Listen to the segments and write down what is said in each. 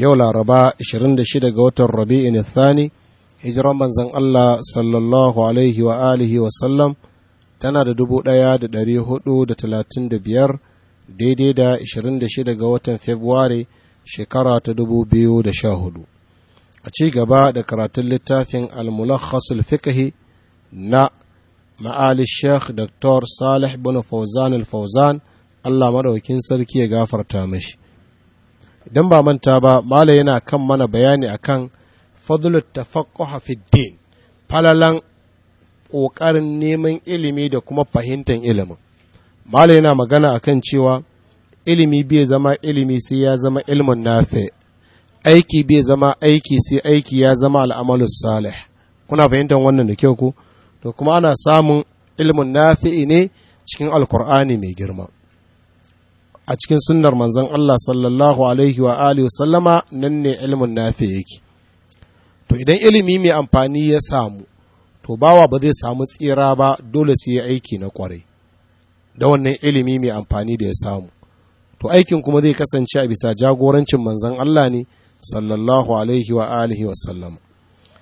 yau laraba 26 ga watan rabi'in thani hijiran manzan Allah sallallahu alaihi wa alihi wa sallam tana da 1435 daidai da 26 ga watan februari shekara ta 2014 a ci gaba da karatun littafin al-mulakhasul fiqhi na ma'ali sheikh dr salih bin fauzan al-fauzan Allah madaukin sarki ya gafarta mashi idan ba manta ba mala yana kan mana bayani akan kan tafaqquh fi falalan ƙoƙarin neman ilimi da kuma fahimtar ilimi mala yana magana akan cewa ilimi bai zama ilimi sai ya zama ilimin nafi aiki bai zama aiki sai aiki ya zama al'amalus salih kuna fahimtar wannan da kyau ku to kuma ana samun ilmin nafi'i ne cikin alkur'ani mai girma a cikin sunnar manzon Allah sallallahu alaihi wa alihi sallama nan ne ilimin nafi yake to idan ilimi mai amfani ya samu to bawa ba zai samu tsira ba dole sai ya aiki na kwarai da wannan ilimi mai amfani da ya samu to aikin kuma zai kasance a bisa jagorancin manzon Allah ne sallallahu alaihi wa alihi wa sallama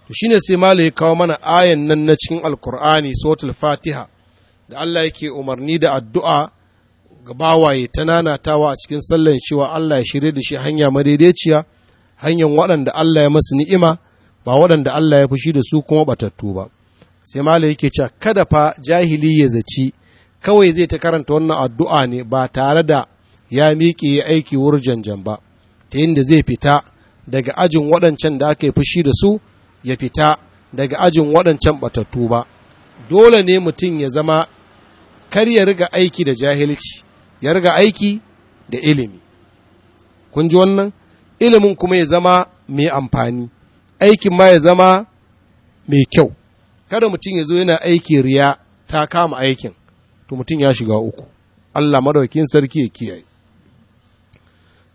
to shine sai mala ya kawo mana ayan nan na cikin alkur'ani suratul fatiha da Allah yake umarni da addu'a ga bawaye ta nanatawa a cikin sallan cewa Allah ya shirye da shi hanya madaidaiciya hanyar waɗanda Allah ya masu ni'ima ba waɗanda Allah ya fushi da su kuma batattu ba sai malai yake cewa kada fa jahili ya zaci kawai zai ta karanta wannan addu'a ne ba tare da ya miƙe ya aiki janjan ba ta da zai fita daga ajin waɗancan da aka yi fushi da su ya fita daga ajin waɗancan batattu ba dole ne mutum ya zama kar ya riga aiki da jahilci ya riga aiki da ilimi kun ji wannan ilimin kuma ya zama mai amfani aikin ma ya zama mai kyau kada mutum ya zo yana aiki riya ta kama aikin to mutum ya shiga uku Allah madaukin sarki ya kiyaye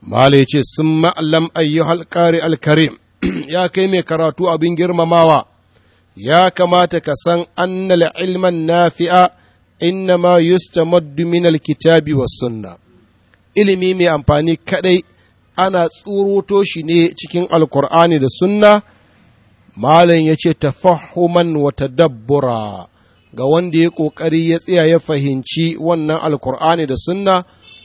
Mala ya ce, Sun ma'allam ayyuhal alkarim, ya kai mai karatu abin girmamawa, ya kamata ka san annal ilman nafi'a innama yustamaddu min alkitabi was sunna ilimi mai amfani kadai ana tsuruto shi ne cikin alkur'ani da sunna malam yace tafahuman wa tadabbura ga wanda ya ƙoƙari ya tsaya ya fahimci wannan alkur'ani da sunna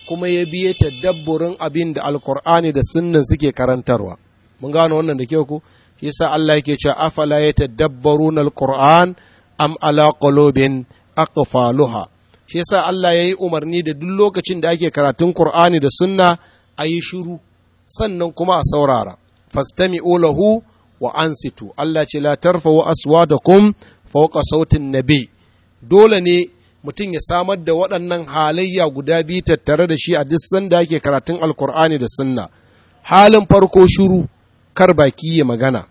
kuma ya biye tadabburin abin da alkur'ani da sunnan suke karantarwa mun gano wannan da kyau ku yasa Allah yake cewa afala ya alquran am ala qulubin aqfaluha shi yasa Allah yayi umarni da duk lokacin da ake karatun Qur'ani da sunna ayi shiru sannan kuma a saurara fastami'u lahu wa ansitu Allah ce la tarfa'u aswatakum fawqa sautin nabi dole ne mutum ya samar da waɗannan halayya guda biyu tattare da shi a duk sanda ake karatun alkur'ani da sunna halin farko shiru kar baki ya magana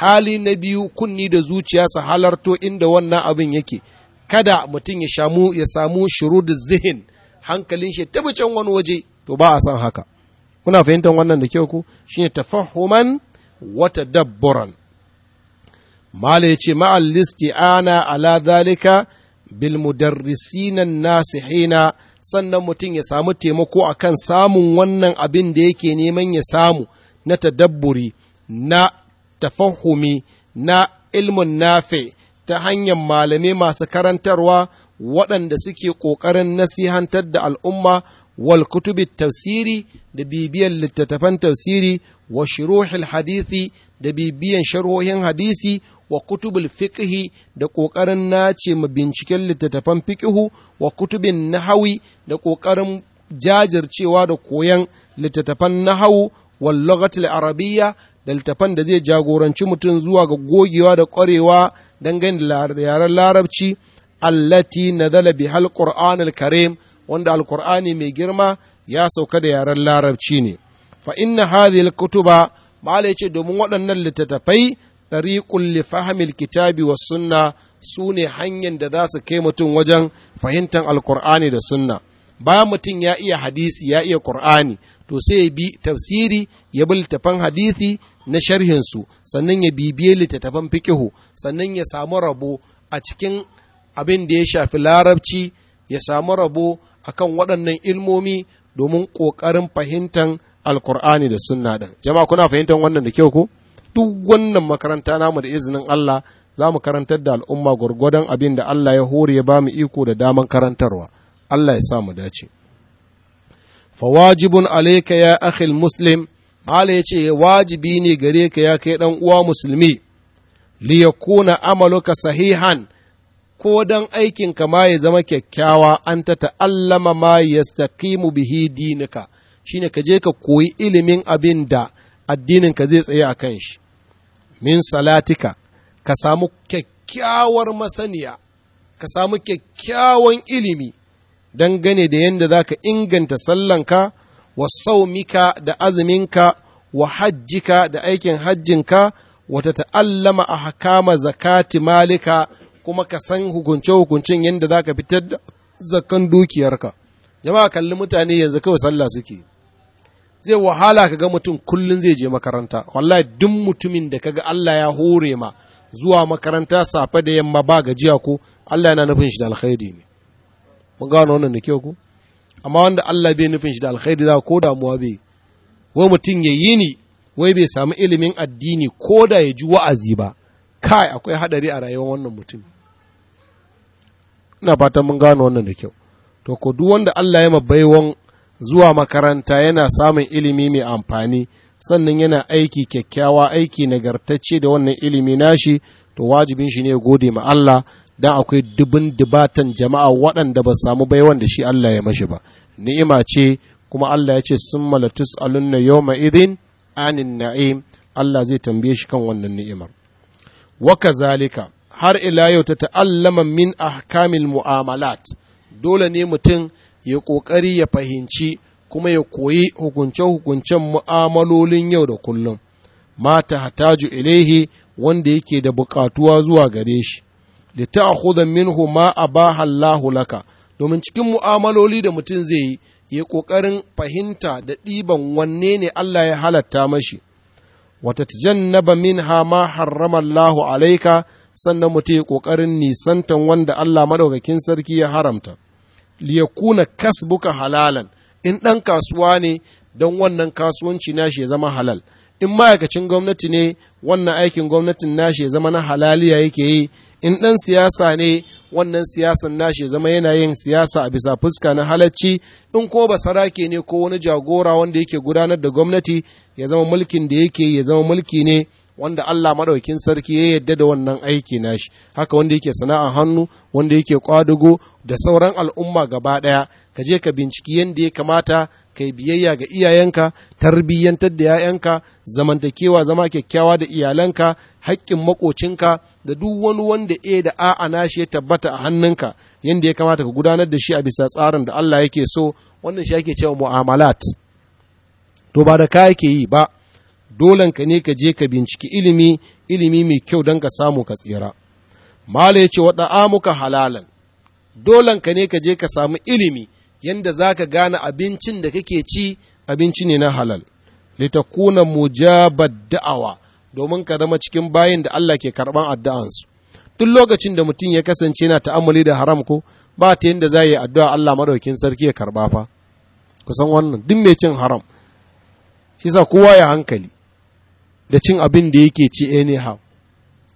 hali na biyu kunni da zuciya su halarto inda wannan abin yake kada mutum ya shamu ya samu shurud zihin hankalin shi ta can wani waje to ba a san haka kuna fahimtar wannan da kyau ku shine tafahuman wata tadabburan mala yace ma'al listi'ana ala zalika bil mudarrisina nasihina sannan mutum ya samu taimako akan samun wannan abin da yake neman ya samu na tadabburi na tafahumi na ilmun nafi ta hanyar malamai masu karantarwa waɗanda suke ƙoƙarin nasihantar da al'umma wal kutubi tafsiri da bibiyan littattafan tafsiri wa shiruhil hadithi da bibiyan sharhohin hadisi wa kutubul fiqhi da ƙoƙarin nace ma binciken littattafan fiqhu wa kutubin nahawi da ƙoƙarin jajircewa da koyan littattafan nahawu wal lughatil arabiyya da littattafan da zai jagoranci mutum zuwa ga gogewa da ƙwarewa dangane da yaren larabci allati nazala bihal qur'an al-karim wanda alqur'ani mai girma ya sauka da yaren larabci ne fa inna hadhihi al-kutuba malai yace domin waɗannan littattafai tariqul li fahmil kitabi was sunna su ne hanyar da za su kai mutum wajen fahimtar alqur'ani da sunna bayan mutum ya iya hadisi ya iya qur'ani to sai ya bi tafsiri ya bi littafan hadithi na sharhinsu sannan ya bibiye littattafan fikihu sannan ya samu rabo a cikin abin da ya shafi larabci ya samu rabo a kan waɗannan ilmomi domin ƙoƙarin fahimtar alkur'ani da sunna ɗin jama'a kuna fahimtar wannan da kyau ko duk wannan makaranta namu da izinin Allah za mu karantar da al'umma gwargwadon abin da Allah ya hore ya ba mu iko da daman karantarwa Allah ya sa mu dace fa wajibun alayka ya akhil muslim hala yace wajibi ne gare ka ya kai ɗan uwa musulmi li yakuna amaluka sahihan ko dan aikin ka ma ya zama kyakkyawa an ta ta'allama ma yastaqimu bihi dinika shine ka je ka koyi ilimin abin da addinin ka zai tsaye a kan shi min salatika ka samu kyakkyawar masaniya ka samu kyakkyawan ilimi dangane da yadda za ka inganta sallanka wa saumika da azuminka wa hajjika da aikin hajjinka wata ta'allama a hakama zakati malika kuma ka san hukunce-hukuncen yadda za ka fitar da zakan dukiyarka jama'a kalli mutane yanzu kawai sallah suke zai wahala ka ga mutum kullum zai je makaranta wallahi duk mutumin da ka ga Allah ya hore ma zuwa makaranta safe da yamma ba gajiya ko Allah yana nufin shi da alkhairi ne mun gano wannan da kyau ku amma wanda Allah bai nufin shi da alkhairi za ko damuwa bai wai mutum ya yi ni wai bai samu ilimin addini ko da ya ji wa'azi ba kai akwai hadari a rayuwar wannan mutum ina fatan mun gano wannan da kyau to ko duk wanda Allah ya won zuwa makaranta yana samun ilimi mai amfani sannan yana aiki kyakkyawa aiki nagartacce da wannan ilimi nashi to wajibin shi ne gode ma Allah dan akwai dubin dubatan jama'a waɗanda ba samu baiwan da shi Allah ya mashi ba ni'ima ce kuma Allah ya ce sun malatus alunna yawma idin anin na'im Allah zai tambaye shi kan wannan ni'imar wa kazalika har ila yau ta ta'allama min ahkamil mu'amalat dole ne mutum ya kokari ya fahimci kuma ya koyi hukunce-hukuncen mu'amalolin yau da kullum mata hataju ilaihi wanda yake da bukatuwa zuwa gare shi da ta minhu ma abaha Allahu laka domin cikin mu'amaloli da mutum zai yi ya kokarin fahimta da ɗiban wanne ne Allah ya halatta mashi wata tajannaba minha ma harrama Allahu alaika sannan mutum ya kokarin nisantan wanda Allah madaukakin sarki ya haramta liyakuna kasbuka halalan in ɗan kasuwa ne don wannan kasuwanci nashi ya zama halal in ma'aikacin gwamnati ne wannan aikin gwamnatin nashi ya zama na halaliya yake yi in ɗan siyasa ne wannan siyasan nashi zama yana yin siyasa a bisa fuska na halacci in ko ba sarake ne ko wani jagora wanda yake gudanar da gwamnati ya zama mulkin da yake ya zama mulki ne wanda Allah maɗaukin sarki ya yadda da wannan aiki nashi haka wanda yake sana'ar hannu wanda yake kwadugo da sauran al'umma gaba ɗaya ka je ka binciki yadda ya kamata kai biyayya ga iyayenka tarbiyyantar da 'ya'yanka zamantakewa zama kyakkyawa da iyalanka haƙƙin makocinka da duk wani wanda e da a'a nashi ya tabbata a hannunka yadda ya kamata ka gudanar da shi a bisa tsarin da Allah yake so wannan shi ake cewa mu'amalat to ba da ka yake yi ba dolanka ne ka je ka binciki ilimi ilimi mai kyau don ka samu ka tsira mala ya ce wa ɗa'amuka halalan dolanka ne ka je ka samu ilimi yanda za ka gane abincin da kake ci abinci ne na halal litakuna mujabar da'awa domin ka zama cikin bayan da Allah ke karɓan addu'ansu duk lokacin da mutum ya kasance yana ta'amali da haram ko ba ta yanda za yi addu'a Allah madaukin sarki ya karɓa fa kusan wannan duk mai cin haram shi sa kowa ya hankali da cin abin da yake ci anyhow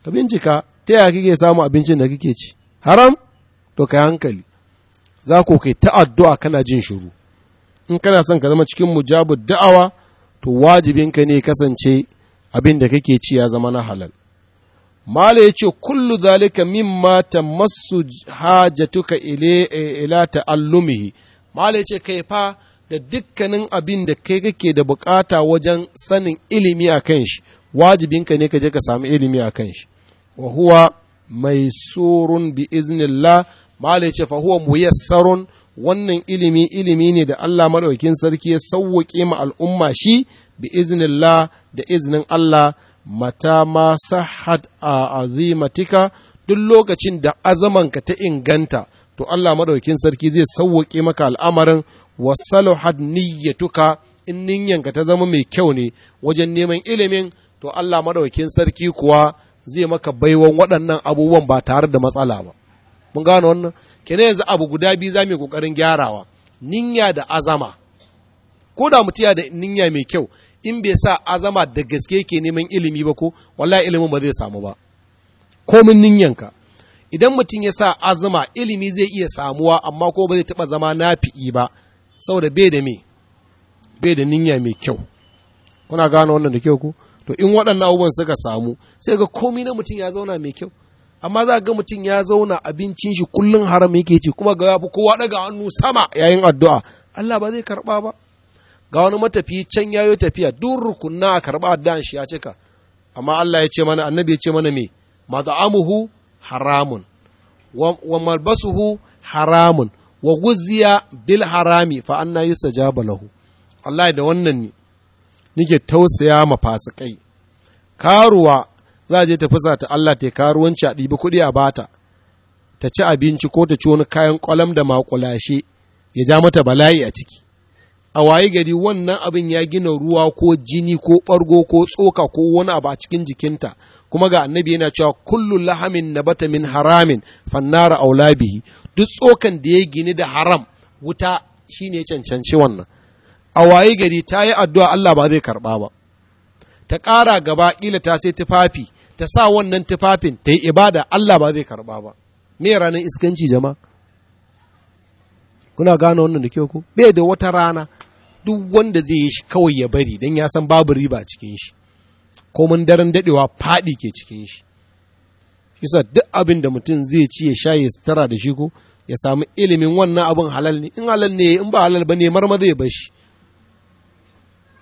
ka bincika ta yaya kake samu abincin da kake ci haram to ka hankali za ku kai ta'addu'a kana jin shiru in kana son ka zama cikin mujabu da'awa to wajibinka ne kasance abin da kake ci ya zama na halal mala yace kullu zalika mimma masu hajatuka ile e, ila ta'allumihi mala ce kai fa da dukkanin abin da kai kake da bukata wajen sanin ilimi a kan shi wajibinka ne ka je ka sami ilimi a kan shi wa huwa mai surun bi iznillah Malai ya ce fa huwa muyassarun wannan ilimi ilimi ne da Allah Maɗaukin sarki ya sauwake ma al'umma shi bi iznillah da iznin Allah mata ma sahad a azimatika duk lokacin da azamanka ta inganta to Allah Maɗaukin sarki zai sauwake maka al'amarin wa saluhat niyyatuka in niyyanka ta zama mai kyau ne wajen neman ilimin to Allah madaukakin sarki kuwa zai maka baiwan waɗannan abubuwan ba tare da matsala ba mun gano wannan kenan yanzu abu guda biyu za mu kokarin gyarawa ninya da azama ko da mutum da ninya mai kyau in bai sa azama da gaske ke neman ilimi ba ko wallahi ilimin ba zai samu ba komin ninyanka idan mutum ya sa azama ilimi zai iya samuwa amma ko ba zai taba zama nafi'i ba saboda bai da me bai da ninya mai kyau kuna gano wannan da kyau ko to in waɗannan abubuwan suka samu sai ga komi na mutum ya zauna mai kyau amma za ga mutum ya zauna abincin shi kullum haram yake ci kuma ga yafi kowa daga hannu sama yayin addu'a Allah ba zai karba ba ga wani matafi can yayo tafiya duk rukunna a karba addu'an shi ya cika amma Allah ya ce mana annabi ya ce mana me mad'amuhu haramun wa malbasuhu haramun wa guziya bil harami fa anna yusajaba lahu Allah da wannan ne nike tausaya ma karuwa za a je ta fusa ta Allah ta karuwanci a ɗibi kuɗi a bata ta ci abinci ko ta ci wani kayan ƙwalam da maƙulashe, ya ja mata bala'i a ciki a waye gari wannan abin ya gina ruwa ko jini ko ɓargo ko tsoka ko wani abu a cikin jikinta kuma ga annabi yana cewa kullu lahamin nabata min haramin fannara aulabihi bihi duk tsokan da ya gini da haram wuta shine ya cancanci wannan a waye gari ta yi addu'a Allah ba zai karɓa ba ta ƙara gaba ƙila ta sai tufafi ta sa wannan tufafin ta yi ibada Allah ba zai karɓa ba me ranar iskanci jama kuna gano wannan da kyau ku bai da wata rana duk wanda zai yi shi kawai ya bari don ya san babu riba cikin shi ko mun daren dadewa faɗi ke cikin shi isa duk abin da mutum zai ci ya sha ya sutura da shi ko ya sami ilimin wannan abin halal ne in halal ne in ba halal ba ne marma zai bar shi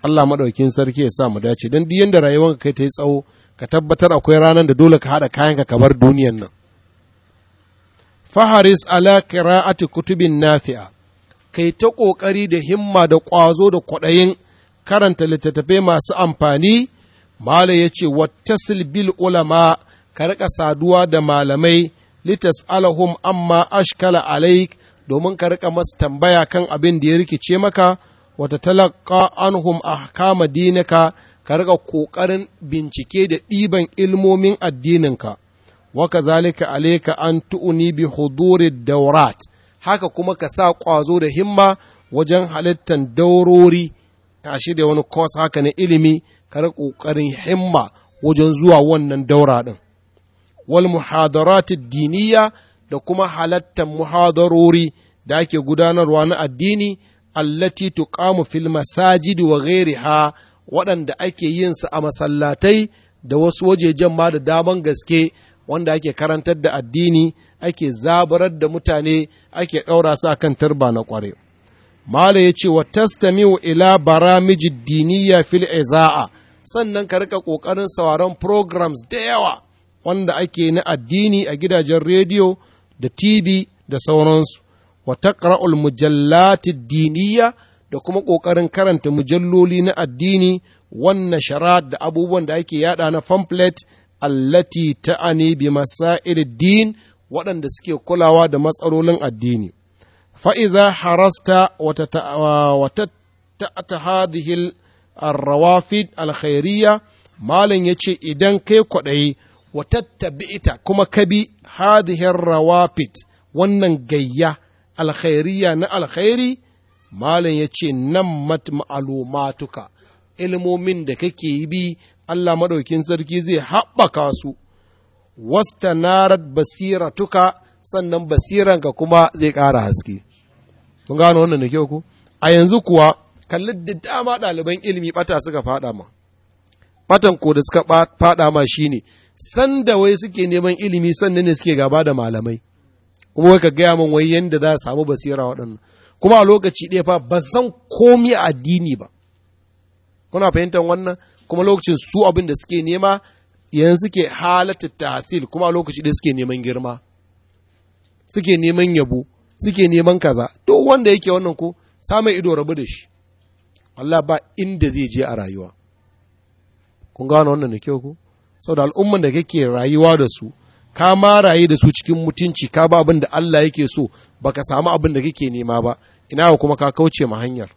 Allah madaukin sarki ya sa mu dace don duk yadda rayuwar kai ta yi tsawo ka tabbatar akwai ranar da dole ka haɗa kayan ka bar duniyan nan faharis ala qira'ati kutubin nafi'a kai ta ƙoƙari da himma da ƙwazo da kwaɗayin karanta littattafai masu amfani mala ya ce wattasil bil ulama ka riƙa saduwa da malamai litas alahum amma ashkala alaik domin ka riƙa masu tambaya kan abin da ya rikice maka wata talaka anhum ahkama dinaka ka riga ƙoƙarin bincike da ɗiban ilmomin addininka waka zalika alaika an tu'uni bi huduri daurat haka kuma ka sa ƙwazo da himma wajen halittan daurori tashi da wani kwas haka na ilimi ka riga ƙoƙarin himma wajen zuwa wannan daura ɗin wal muhadarati diniya da kuma halattan muhadarori da ake gudanarwa na addini allati tuqamu fil masajidi wa ghairiha waɗanda ake yin su a masallatai da wasu wajejen ma da daman gaske wanda ake karantar da addini ake zabarar da mutane ake ɗaura su a kan turba na ƙware mala ya ce wa tastamiu ila baramiji diniya fil iza'a sannan ka rika ƙoƙarin sauraron programs da yawa wanda ake na addini a gidajen rediyo da tv da sauransu wa taqra'ul mujallati diniya da kuma ƙoƙarin karanta mujalloli na addini wannan sharad da abubuwan da ake yada na pamphlet allati ta'ani bi masa'ir din waɗanda suke kulawa da matsalolin addini fa'iza harasta wata ta hadihil arrawafid alkhairiyya Malam ya ce idan kai kwaɗayi wata tabi'ita kuma kabi hadihin rawafid wannan gayya alkhairiyya na alkhairi malam ya ce nan ma'alumatuka ilmomin da kake yi bi Allah maɗaukin sarki zai haɓaka su wasta narat tuka sannan basiranka kuma zai ƙara haske mun gano wannan da kyau ku a yanzu kuwa kalli da dama ɗaliban ilimi ɓata suka faɗa ma batan ko da suka faɗa ma shine sanda wai suke neman ilimi sannan ne suke gaba da malamai kuma wai ka gaya min wai yadda za a samu basira waɗannan kuma a lokaci ɗaya fa ba zan komi a addini ba kuna fahimtar wannan kuma lokacin su abin da suke nema yanzu suke halatta tahsil kuma a lokaci ɗaya suke neman girma suke neman yabo suke neman kaza to wanda yake wannan ko samun ido rabu da shi Allah ba inda zai je a rayuwa kun gano wannan da kyau ko saboda al'umman da kake rayuwa da su ka maraye da su cikin mutunci ka ba abin da Allah yake so ba ka samu abin da kake nema ba ina kuma ka kauce ma hanyar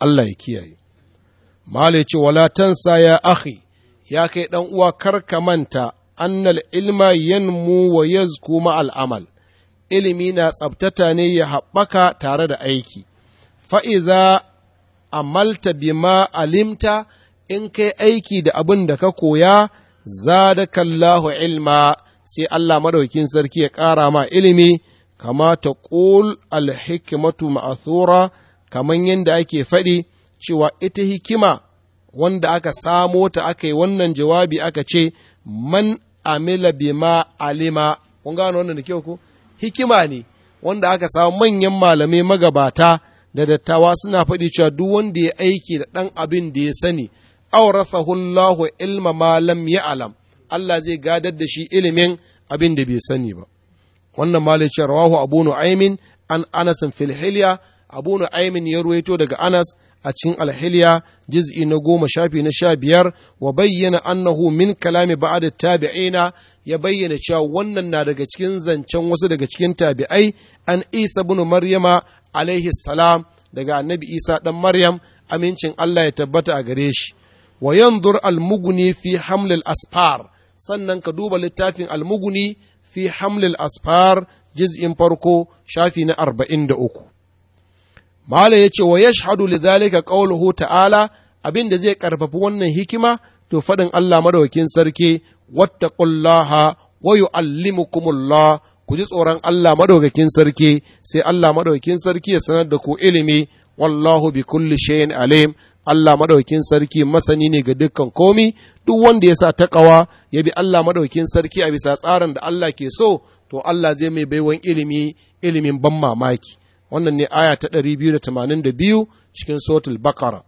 Allah ya kiyaye malai ce wala tansa ya akhi ya kai dan uwa karka manta annal ilma yanmu wa yazku ma al'amal ilimi na tsabtata ne ya haɓaka tare da aiki fa'iza amalta bima alimta in kai aiki da abin da ka koya zadakallahu ilma sai Allah madaukin sarki ya ƙara ma ilimi kama ta ƙul alhikimatu ma'athura kaman yadda ake faɗi cewa ita hikima wanda aka samo ta aka wannan jawabi aka ce man amila bima alima kun gano wannan da kyau ko hikima ne wanda aka samu manyan malamai magabata da dattawa suna faɗi cewa duk wanda ya aiki da ɗan abin da ya sani aurasahu Allahu ilma ma lam ya'lam Allah zai gadar da shi ilimin abin da bai sani ba wannan malice rawahu abu nu'aymin an anas fil hilya abu nu'aymin ya ruwaito daga anas a cikin Hilya juz'i na goma shafi na sha biyar wa bayyana annahu min kalami ba'da tabi'ina ya bayyana cewa wannan na daga cikin zancen wasu daga cikin tabi'ai an isa ibn maryama alaihi salam daga annabi isa dan maryam amincin allah ya tabbata a gare shi wa yanzur almuguni fi hamlil asfar sannan ka duba littafin almuguni fi hamlil asfar juz'in farko shafi na arba'in da uku Malam ya ce wa yashhadu lidhalika qawluhu ta'ala Abinda zai karfafi wannan hikima to faɗin Allah madaukin sarki wattaqullaha wa yu'allimukumullah ku ji tsoron Allah maɗaukakin sarki sai Allah madaukakin sarki ya sanar da ku ilimi wallahu bi kulli shay'in alim Allah madaukin sarki masani ne ga dukkan komi duk wanda ya sa takawa ya bi Allah madaukin sarki a bisa tsarin da Allah ke so to Allah zai mai baiwan ilimi ilimin ban mamaki wannan ne aya ta 282 cikin suratul baqara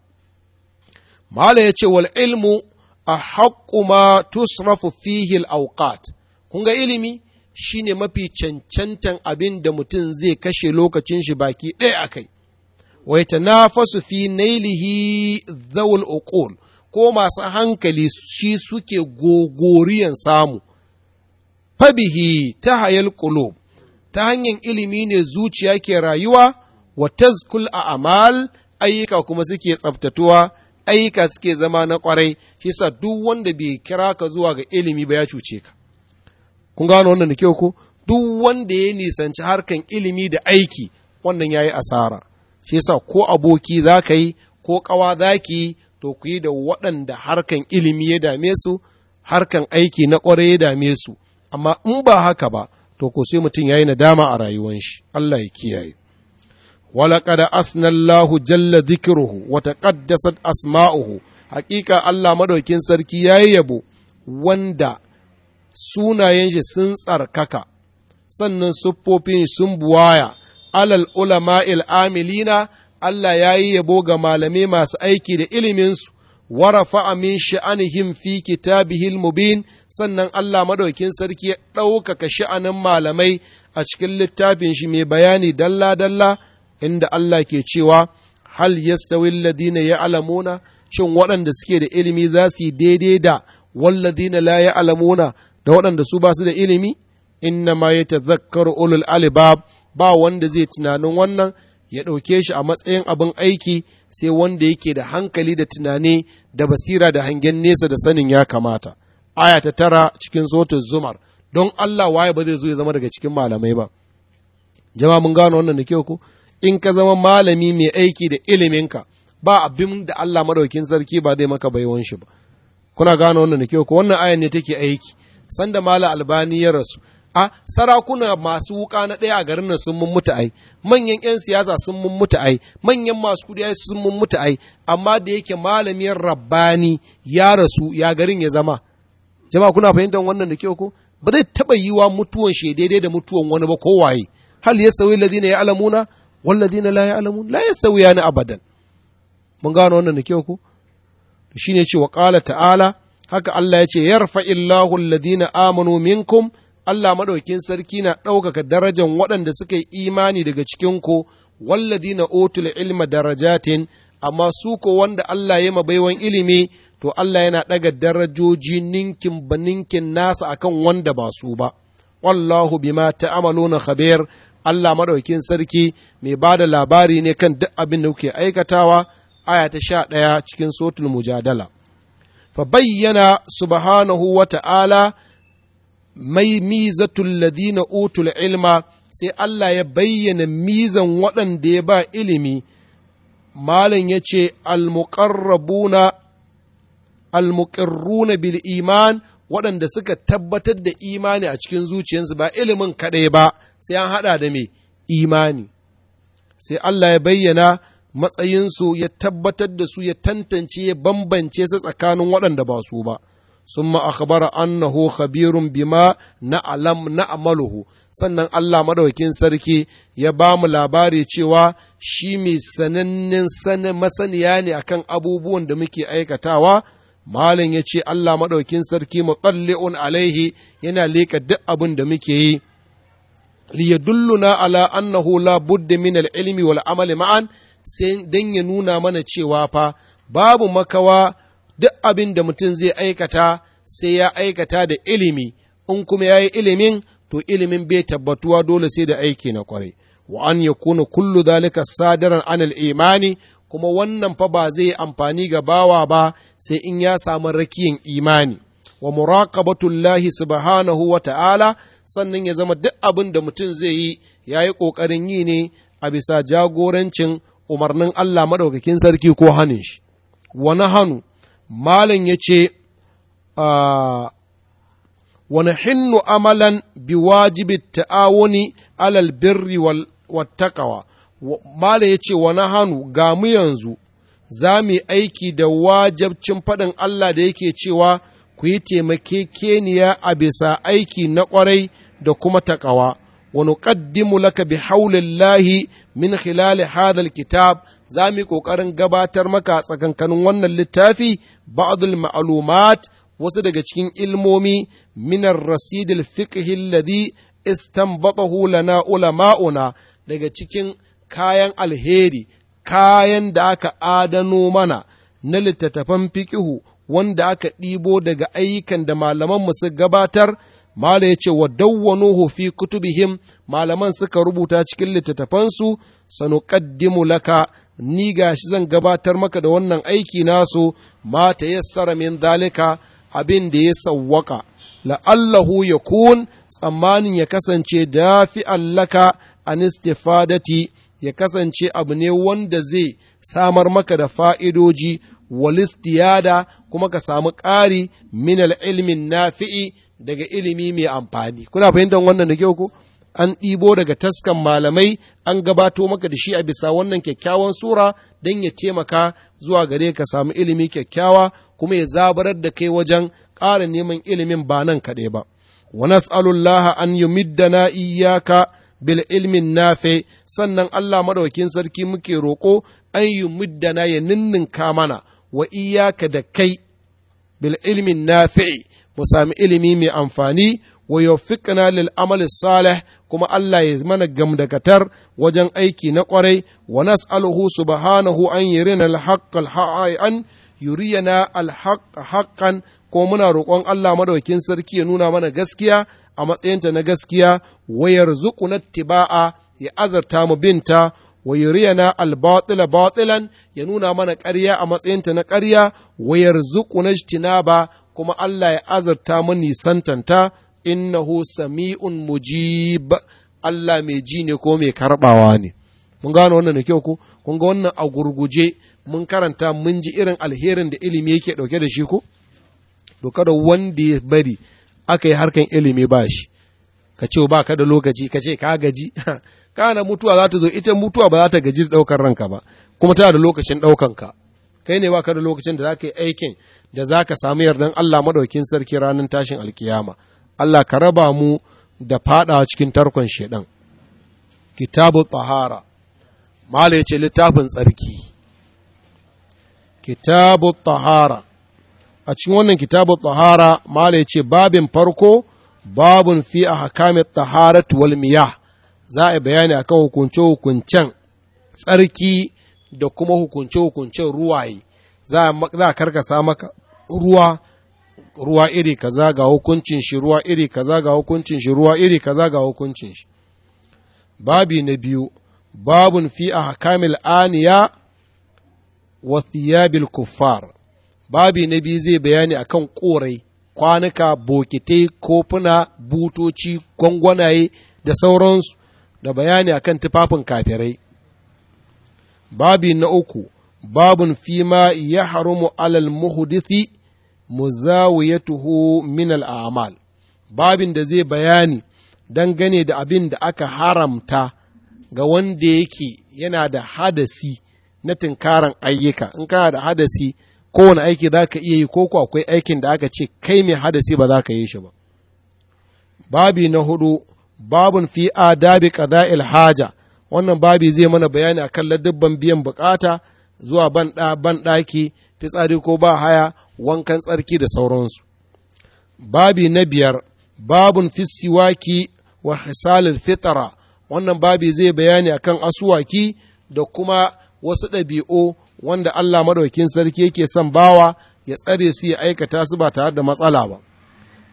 mala ce wal ilmu ahaqqu ma tusrafu fihi al awqat kun ga ilimi shine mafi cancantan abin da mutum zai kashe lokacin shi baki ɗaya akai wa yatanafasu fi nailihi dhawul uqul ko masu hankali shi suke gogoriyan samu fabihi ta hayal qulub ta hanyar ilimi ne zuciya ke rayuwa wa tazkul a amal ayyuka kuma suke tsaftatuwa aika suke zama na kwarai shi sa duk wanda bai kira ka zuwa ga ilimi ba ya cuce ka kun gano wannan da kyau ko duk wanda ya nisanci harkan ilimi da aiki wannan yayi asara shi yasa ko aboki za ka yi ko ƙawa za ki yi to ku yi da waɗanda harkan ilimi ya dame su harkan aiki na ƙwarai ya dame su amma in ba haka ba to ko sai mutum ya yi nadama a rayuwan shi Allah ya kiyaye Allahu jalla dhikruhu wa taqaddasat asma'uhu haqiqa allah madaukin sarki yayi yabo wanda sunayen shi sun tsarkaka sannan siffofin sun buwaya alal ulama amilina Allah ya yi yabo ga malamai masu aiki da iliminsu warafa min sha'anihim fi kitabihil mubin sannan Allah madaukin sarki ya ɗaukaka sha'anin malamai a cikin littafin shi mai bayani dalla-dalla inda Allah ke cewa hal Ladina ya ya'lamuna shin waɗanda suke da ilimi za su yi daidai da walladina la ya'lamuna da waɗanda su ba su da ilimi inna ma yatadhakkaru ulul albab ba wanda zai tunanin wannan ya ɗauke shi a matsayin abin aiki sai wanda yake da hankali da tunani da basira da hangen nesa da sanin ya kamata aya ta tara cikin zotar zumar don Allah waye ba zai zo ya zama daga cikin malamai ba jama'a mun gano wannan da kyau ko in ka zama malami mai aiki da iliminka ba abin da Allah madaukin sarki ba zai maka baiwan shi ba kuna gano wannan da kyau ko wannan aya ne take aiki sanda mala albani ya rasu a sarakuna masu wuka na ɗaya a garin nan sun mun mutu ai manyan 'yan siyasa sun mun mutu ai manyan masu kudi ai sun mun mutu ai amma da yake malamin rabbani ya rasu ya garin ya zama jama'a kuna fahimtar wannan da kyau ko ba zai taɓa yiwa mutuwan shi daidai da mutuwan wani ba ko waye. hal ya sauyi ladina ya alamuna Ladina la ya alamun la ya sauya ni abadan mun gano wannan da kyau ko shine ce wa qala ta'ala haka Allah ya ce yarfa illahu alladina amanu minkum Allah maɗaukin sarki na ɗaukaka darajan waɗanda suka yi imani daga cikinku na otul ilma darajatin amma su ko wanda Allah ya ma baiwan ilimi to Allah yana ɗaga darajoji ninkin ba ninkin nasa akan wanda ba su ba wallahu bima na khabir Allah maɗaukin sarki mai ba da labari ne kan duk abin da kuke aikatawa aya ta sha ɗaya cikin sotul mujadala fa bayyana subhanahu wa ta'ala mai mizatul ladina utul ilma sai Allah ya bayyana mizan waɗanda ya ba ilimi malam ya ce almuqarrabuna bil iman waɗanda suka tabbatar da imani a cikin zuciyarsu ba ilimin kaɗai ba sai an haɗa da mai imani sai Allah ya bayyana matsayinsu ya tabbatar da su ya tantance ya bambance su tsakanin waɗanda ba su ba summa akhbara annahu khabirun bima na na'maluhu sannan Allah maɗaukin sarki ya ba mu labari cewa shi mai sanannen sanin masaniya ne akan abubuwan da muke aikatawa malin ya ce Allah maɗaukin sarki muqalli'un alaihi yana leka duk abin da muke yi liyadulluna ala annahu la budda min al-ilmi wal amali ma'an sai dan ya nuna mana cewa fa babu makawa duk abin da mutum zai aikata sai ya aikata da ilimi in kuma ya yi ilimin to ilimin bai tabbatuwa dole sai da aiki na kwarai wa an ya kuna kullu dalika sadaran anil imani kuma wannan fa ba zai amfani ga bawa ba sai in ya samu rakiyin imani wa muraqabatullahi subhanahu wa ta'ala sannan ya zama duk abin da mutum zai yi ya yi ƙoƙarin yi ne a bisa jagorancin umarnin Allah maɗaukakin sarki ko hannun shi wani hannu malam ya ce ah, wani hinnu amalan bi wajibi ta'awuni alal birri takawa, malam ya ce wani hannu ga mu yanzu za mu yi aiki da wajabcin faɗin Allah da yake cewa ku yi keniya a bisa aiki na ƙwarai da kuma taƙawa. ونقدم لك bi الله من خلال هذا kitab? za mu yi ƙoƙarin gabatar maka tsakankanin wannan littafi ba'adul ma'lumat wasu daga cikin ilmomi minar rasidil fiqhi alladhi istanbatahu lana ulama'una daga cikin kayan alheri kayan da aka adano mana na littattafan fikihu, wanda aka ɗibo daga ayyukan da malamanmu su gabatar mala ya ce wa dawwanuhu fi kutubihim malaman suka rubuta cikin littattafansu sanuqaddimu laka ni gashi zan gabatar maka da wannan aiki nasu ma ta yassara min dalika abin da ya sawwaka la'allahu ya kun tsammanin ya kasance fi allaka an istifadati ya kasance abu ne wanda zai samar maka da fa'idoji walistiyada kuma ka samu ƙari min ilmin nafi'i daga ilimi mai amfani kuna fahimtar wannan da kyau ko an ɗibo daga taskan malamai an gabato maka da shi a bisa wannan kyakkyawan sura don ya taimaka zuwa gare ka samu ilimi kyakkyawa kuma ya zabarar da kai wajen ƙara neman ilimin ba nan kaɗai ba wa nas'alullah an yumiddana iyyaka bil ilmin nafe sannan Allah madaukin sarki muke roƙo an yumiddana ya ninninka mana wa iyaka da kai bil ilmin nafe mu sami ilimi mai amfani wa yawfiqna lil amali salih kuma Allah ya mana gamdakatar wajen aiki na kwarai wa nas'aluhu subhanahu an yurina al haqqal an yuriyana al haqqan ko muna roƙon Allah madaukin sarki ya nuna mana gaskiya a matsayinta na gaskiya wayar zuku na tiba'a ya azarta mu binta wa yuriyana albatila batilan ya nuna mana ƙarya a matsayinta na ƙarya wayar zuku na kuma Allah ya azarta mu nisantanta innahu sami'un mujib Allah mai ji ne ko mai karbawa ne mun gano wannan da kyau ko kun ga wannan a gurguje mun karanta mun ji irin alherin da ilimi yake dauke da shi ko doka da wanda ya bari aka yi harkan ilimi ba shi ka ce ba ka da lokaci ka ce ka gaji kana mutuwa za ta zo ita mutuwa ba za ta gaji daukar ranka ba kuma tana da lokacin daukan ka kai ne ba ka da lokacin da za ka yi aikin da za ka samu yardan Allah madaukin sarki ranar tashin alkiyama Allah ka raba mu da fada cikin tarkon shedan kitabu tahara mala yace littafin tsarki kitabu tahara a cikin wannan kitabu tahara mala yace babin farko babun fi a taharat wal miyah za a bayani akan hukunce hukuncen tsarki da kuma hukunce hukuncen ruwaye za a karkasa maka ruwa ruwa iri kaza ga hukuncin shi ruwa iri kaza ga hukuncin shi ruwa iri kaza ga hukuncin shi babi na biyu babun fi ahkamil aniya wa thiyabil kuffar babi na biyu zai bayani akan korai kwanuka bokitai kofuna butoci gwangwanaye da sauransu da bayani akan tufafin kafirai babi na uku babun fi ma ya haramu alal muhdithi muzawiyatuhu min al'amal babin da zai bayani dangane da abin da aka haramta ga wanda yake yana da hadasi na tinkaran ayyuka in kana da hadasi kowane aiki za ka iya yi ko ku akwai aikin da aka ce kai mai hadasi ba za ka yi shi ba babi na hudu babun fi adabi qada'il haja wannan babi zai mana bayani akan ladabban biyan bukata zuwa banɗaki fitsari ko ba haya wankan tsarki da sauransu babi na biyar babun fissiwaki wa hisalin fitara wannan babi zai bayani akan asuwaki da kuma wasu ɗabi'u wanda Allah maɗaukin sarki yake son bawa ya tsare su ya aikata su ba tare da matsala ba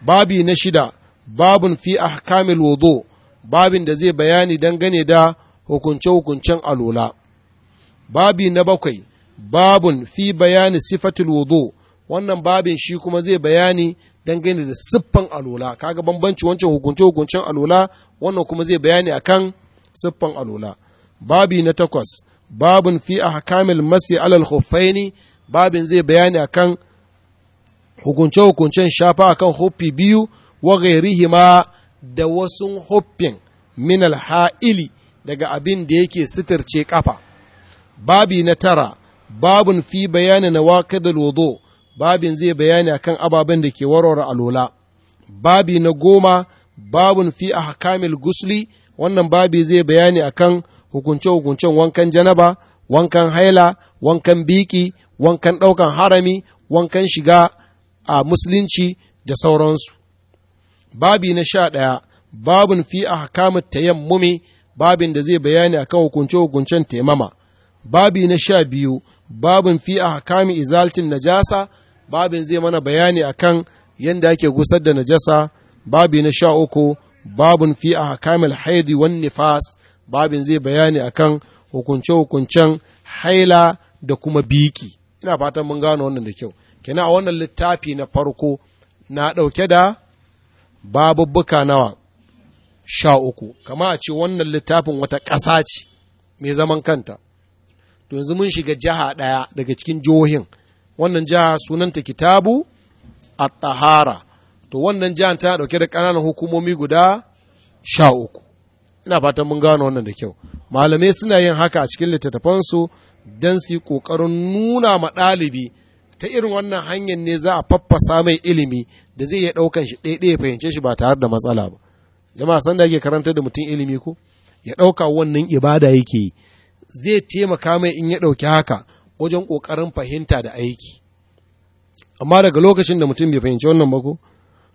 babi na shida babun fi ahkamil wudu babin da zai bayani dangane da hukunce-hukuncen alola babi na bakwai babun fi bayani sifatul wudu wannan babin shi kuma zai bayani dangane da siffan alola kaga bambanci wancan hukunce hukuncen alola wannan kuma zai bayani akan siffan alola babi na takwas babun fi ahkamil masi alal khuffaini babin zai bayani akan hukunce hukuncen shafa akan hufi biyu wa ma da wasu huffin min ha'ili daga abin da yake sitarce kafa babi na tara babin fi bayani na da lodo, babin zai bayani akan ababen da ke warware alola babi na goma babin fi a hakamil gusli wannan babi zai bayani akan hukunce-hukuncen wankan janaba wankan haila wankan biki wankan ɗaukan harami wankan shiga a musulunci da sauransu babi na sha ɗaya babin fi a ta tayammumi babin da zai bayani akan hukunce-hukuncen taimama babi na sha biyu babin fi a hakami izaltin najasa babin zai mana bayani akan yadda ake gusar da najasa babi na sha uku babin fi a hakamil haidi wan nifas babin zai bayani akan hukunce-hukuncen haila da kuma biki ina fatan mun gano wannan da kyau kina a wannan littafi na farko na ɗauke da babubbuka nawa sha uku kama a ce wannan littafin wata ƙasa ce mai zaman kanta to yanzu mun shiga jiha ɗaya daga cikin jihohin wannan jiha sunanta kitabu a tahara to wannan jiha ta dauke da ƙananan hukumomi guda sha uku ina fatan mun gano wannan da kyau malamai suna yin haka a cikin littattafansu don su yi ƙoƙarin nuna ma ɗalibi ta irin wannan hanyar ne za a faffasa mai ilimi da zai iya ɗaukan shi ɗaiɗaya ya fahimce shi ba tare da matsala ba jama'a sanda ake karanta da mutum ilimi ko ya ɗauka wannan ibada yake yi zai taimaka mai in ya ɗauki haka wajen ƙoƙarin fahimta da aiki amma daga lokacin da mutum bai fahimci wannan bako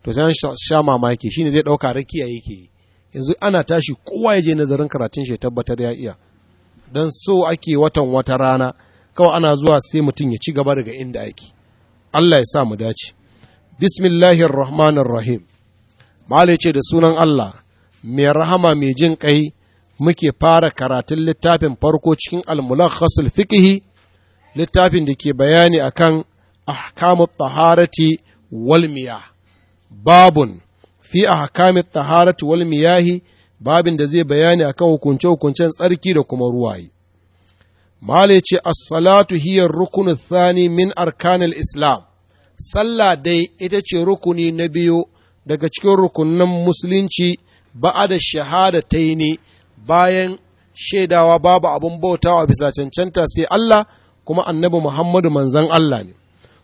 to sai an sha mamaki shine zai ɗauka raki a yake yanzu ana tashi kowa ya je nazarin karatun shi tabbatar ya iya Don so ake watan wata rana kawai ana zuwa sai mutum ya ci gaba daga inda ake Allah ya sa mu dace bismillahirrahmanirrahim rahmanir malai ce da sunan Allah mai rahama mai jin ƙai. muke fara karatun littafin farko cikin al-mulakhasul fiqhi littafin da ke bayani akan ahkamut taharati wal miyah babun fi ahkamut taharati wal miyah babin da zai bayani akan hukunce-hukuncen tsarki da kuma ruwaye Male ce, As-salatu hiyar rukunin thani min arkanil Islam, sallah dai ita ce rukuni na biyu daga cikin rukunin musulunci ba'a da shahada ta ne bayan shaidawa babu abin bautawa bisa cancanta sai Allah kuma annabi Muhammadu manzan Allah ne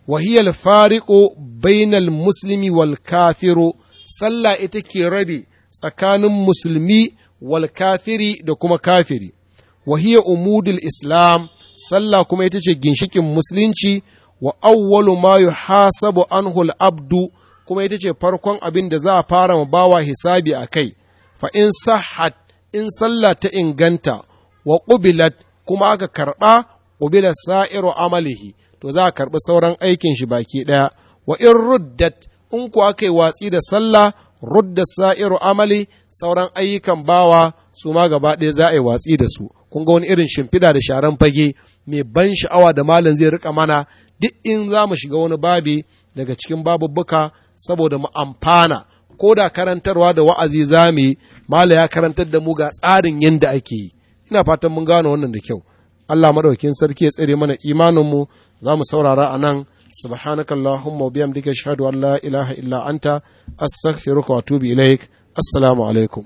Wahiyar fariƙo bainal musulmi wal kafiru sallah ita ke rabe tsakanin musulmi wal kafiri da kuma kafiri wahiya umudul islam sallah kuma ita ce ginshikin musulunci wa auwalu ma yuhasabu anhul abdu kuma ita ce farkon abin da za a fara ma bawa hisabi a kai fa in in sallah ta inganta wa ƙubilat kuma aka karɓa ƙubilat sa'iru amalihi to za a karɓi sauran aikin shi baki ɗaya wa in ruddat in ku aka yi watsi da sallah rudda sa'iru amali sauran ayyukan bawa su ma gaba ɗaya za a yi watsi da su kun ga wani irin shimfiɗa da sharan fage mai ban sha'awa da malam zai riƙa mana duk in za mu shiga wani babi daga cikin babubbuka saboda mu amfana ko da karantarwa da wa'azi za mu yi mala ya karantar da mu ga tsarin yadda ake yi ina fatan mun gano wannan da kyau Allah maɗaukin sarki ya tsere mana imaninmu za mu saurara a nan سبحانك اللهم وبحمدك اشهد ان لا اله الا انت استغفرك واتوب اليك